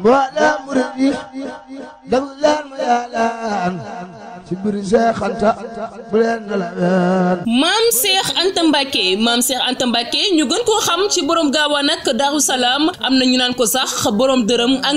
mboola murid yi ci biir Cheikh Anta bu leen nelaween maam Cheikh Anta Mbacke maam Cheikh Anta Mbacke ñu gën koo xam ci borom gaawaan ak Daaru Salaam am na ñu naan ko sax boroom dërëm ak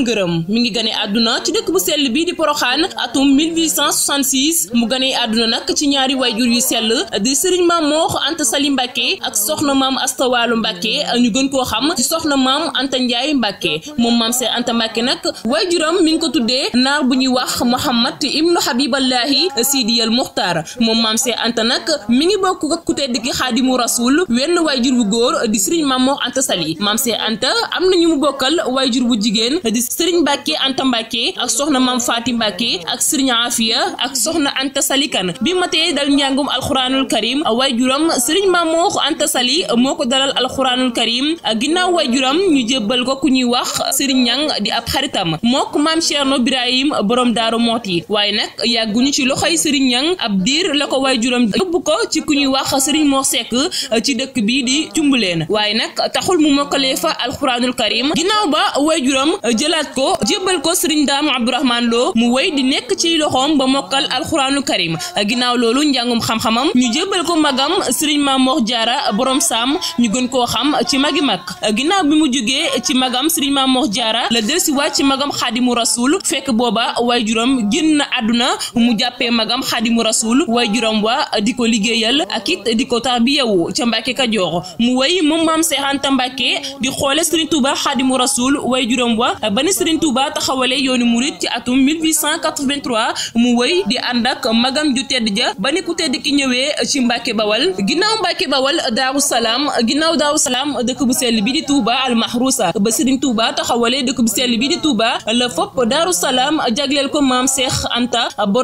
mu ngi gane àdduna ci dëkk bu sell bii di Poroxaan atum 1866 mu gane àdduna nag ci ñaari wayjur yu sell di Serigne Maam Mor Anta Sali Mbacke ak soxna maam Asta Walu ak ñu gën koo xam ci soxna maam Anta Ndiaye Mbacke moom maam Cheikh Anta Mbacke nag wayjuram mi ngi ko tuddee naar bu ñuy wax Mouhamad ibnu Habiballahi di Sidi Muxtaar moom maam Seex Anta nag mi ngi bokk ak ku tedd ki xaadimu rasul wenn waajur wu góor di sëriñ Maam Moor Anta Sali maam Seex Anta am na ñu mu bokkal waajur wu jigéen di sëriñ Mbàkke Anta Mbàkke ak soxna maam Faati Mbàkke ak sëriñ Afiya ak soxna Anta Sali Kan bi matee dal njàngum alxuraanul karim waajuram sëriñ Maam Moor Anta Sali moo ko dalal alxuraanul karim ginnaaw waajuram ñu jébbal ko ku ñuy wax sëriñ Ñang di ab xaritam mokk maam Cerno Birahim borom Daaru Mooti waaye nag yàgguñu ci loxoy Serigne Niang ab diir la ko waajuram yóbbu ko ci ku ñuy wax Serigne Mor Seck euh, ci dëkk bii di Cumbuleen waaye nag taxul mu mokkalee fa alxuraanul karim ginnaaw ba waajuram euh, jëlaat ko jébbal ko Serigne Dame Abdourahmane Lo mu wéy di nekk ci loxoom ba mokkal alxuraanul karim euh, ginnaaw loolu njàngum xam-xamam ñu jébbal ko magam Serigne Mamor jaara boroom saam ñu gën koo xam ci magi mag ginnaaw bi mu jógee ci magam Serigne Mamor Diarra la delsiwaat ci magam Xaadimu Rasul fekk booba waajuram génn na àdduna mu jàpp magam xaadimu rasul waay juróom wa di ko liggéeyal ak it di ko tarbiyawu ca Mbàkke Kajoor mu wéy moom maam Seex Anta Mbàkke di xoole Sëriñ Tuuba xaadimu rasul waay juróom wa ba ni Sëriñ Tuuba taxawale yoonu murit ci atum 1883 mu wéy di ànd ak magam ju tedd ja ba ni ku tedd ki ñëwee ci Mbàkke Bawal ginnaaw Mbàkke Bawal Daaru Salaam ginnaaw Daaru Salaam dëkk bu sell bi di Tuuba almahrusa ba Sëriñ Tuuba taxawale dëkk bu sell bi di Tuuba la fopp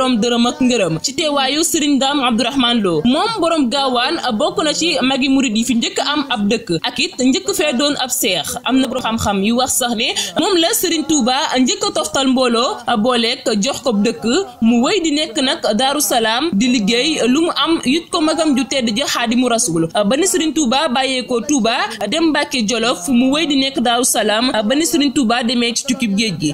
Daaru ak ngërëm ci teewaayu Serigne Dame Abdourahmane Lo moom borom gaawaan bokk na ci magi murid yi fi njëkk am ab dëkk ak it njëkk fee doon ab seex am na borom xam-xam yu wax sax ne moom la Serigne Touba njëkk a toftal mbooloo booleeg jox ko dëkk mu wëy di nekk nag Daaru Salaam di liggéey lu mu am yut ko magam ju tedd ja Xaadimu Rasul ba ni Serigne Touba bàyyeekoo Touba dem Mbàkke Jolof mu wëy di nekk Daaru Salaam ba ni Serigne Touba demee ci tukkib géej gi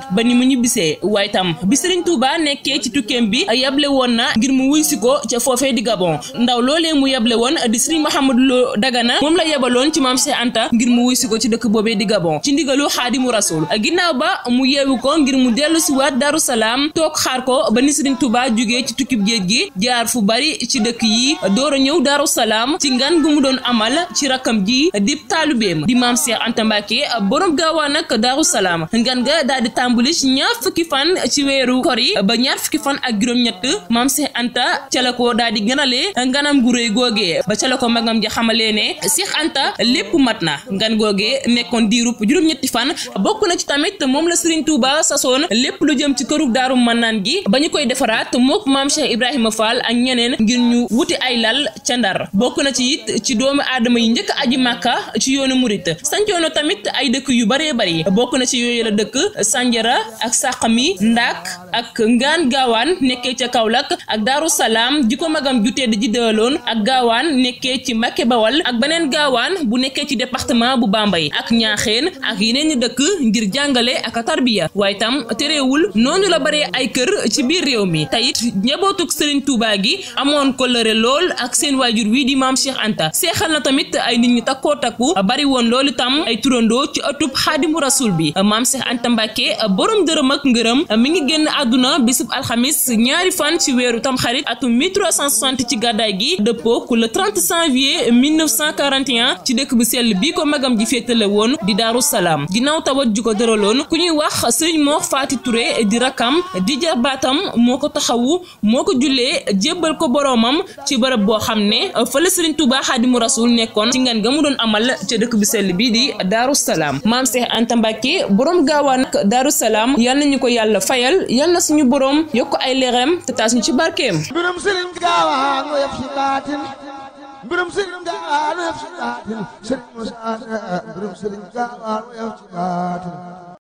yeble woon na ngir mu wuy si ko ca foofee di Gabon ndaw loolee mu yeble woon di Serigne Mouhamadou Lo Dagana moom la yebaloon ci maam Cheikh Anta ngir mu wuy ko ci dëkk boobee di Gabon ci ndigalu Xaadimu Rasul ginnaaw ba mu yeewu ko ngir mu dellusi waat Daru Salaam toog xaar ko ba ni Serigne Touba jugee ci tukkib géej gi jaar fu bari ci dëkk yi door a ñëw Daru Salaam ci ngan gu mu doon amal ci rakkam ji di taalubeem di maam Cheikh Anta Mbacke borom gaawaan ak Daru Salaam ngan ga daal di tàmbali ci ñaar fukki fan ci weeru kor yi ba ñaar fan ak juróom-ñett maam Cheikh Anta ca la ko daal di gënalee nganam gu réy googee ba ca la ko magam ja xamalee ne Cheikh Anta lépp mat na ngan googee nekkoon diirub juróom-ñetti fan bokk na ci tamit moom la Serigne Touba sasoon lépp lu jëm ci këru daaru mannaan gi ba ñu koy defaraat mook maam Cheikh Ibrahima Fall ak ñeneen ngir ñu wuti ay lal ca Ndar bokk na ci it ci doomu aadama yi njëkk aji màkka ci yoonu murit sancoona tamit ay dëkk yu baree bari bokk na ci yooyu la dëkk Sanjara ak Kaolack ak Daaru Salaam ji ko magam ju tedd ji dëloon ak gaawaan nekkee ci Mbacké Bawal ak beneen gaawaan bu nekkee ci département bu yi ak ñaaxeen ak yeneen i dëkk ngir jàngale ak tarbiya waaye tam terewul noonu la bare ay kër ci biir réew mi tayit njabootug Serigne Touba gi amoon kolëre lool ak seen waajur wi di maam Cheikh Anta seexal na tamit ay nit ñu takkoo takku bari woon loolu itam ay turandoo ci ëttub xaadimu rasul bi maam Cheikh Anta Mbacké fan ci weeru tamxarit atum 1360 ci gàddaay gi dëppoo ku le 30 janvier 1941 ci dëkk bu sell bi ko magam ji féetale woon di daaru salaam ginnaaw tawat ju ko dëraloon ku ñuy wax sëriñ Mor Faati Touré di rakam di jarbaatam moo ko taxawu moo ko jullee jébbal ko boroomam ci bërëb boo xam ne euh, fa la sëriñ Touba Xaadimu Rasuul nekkoon ci ngan ga mu doon amal ca dëkk bu sell bi di daaru salaam maam Seex Anta Mbàkke boroom gaawaan ak daaru salaam yal nañu ko yàlla fayal yal na suñu boroom yokk taas ñu ci barkeem mbirum sëriñ gaawaa nu yëf ci baatin mbirum sëriñ gaawaa nu yëf ci baatin sëriñ Musaa mbirum sëriñ gaawaa nu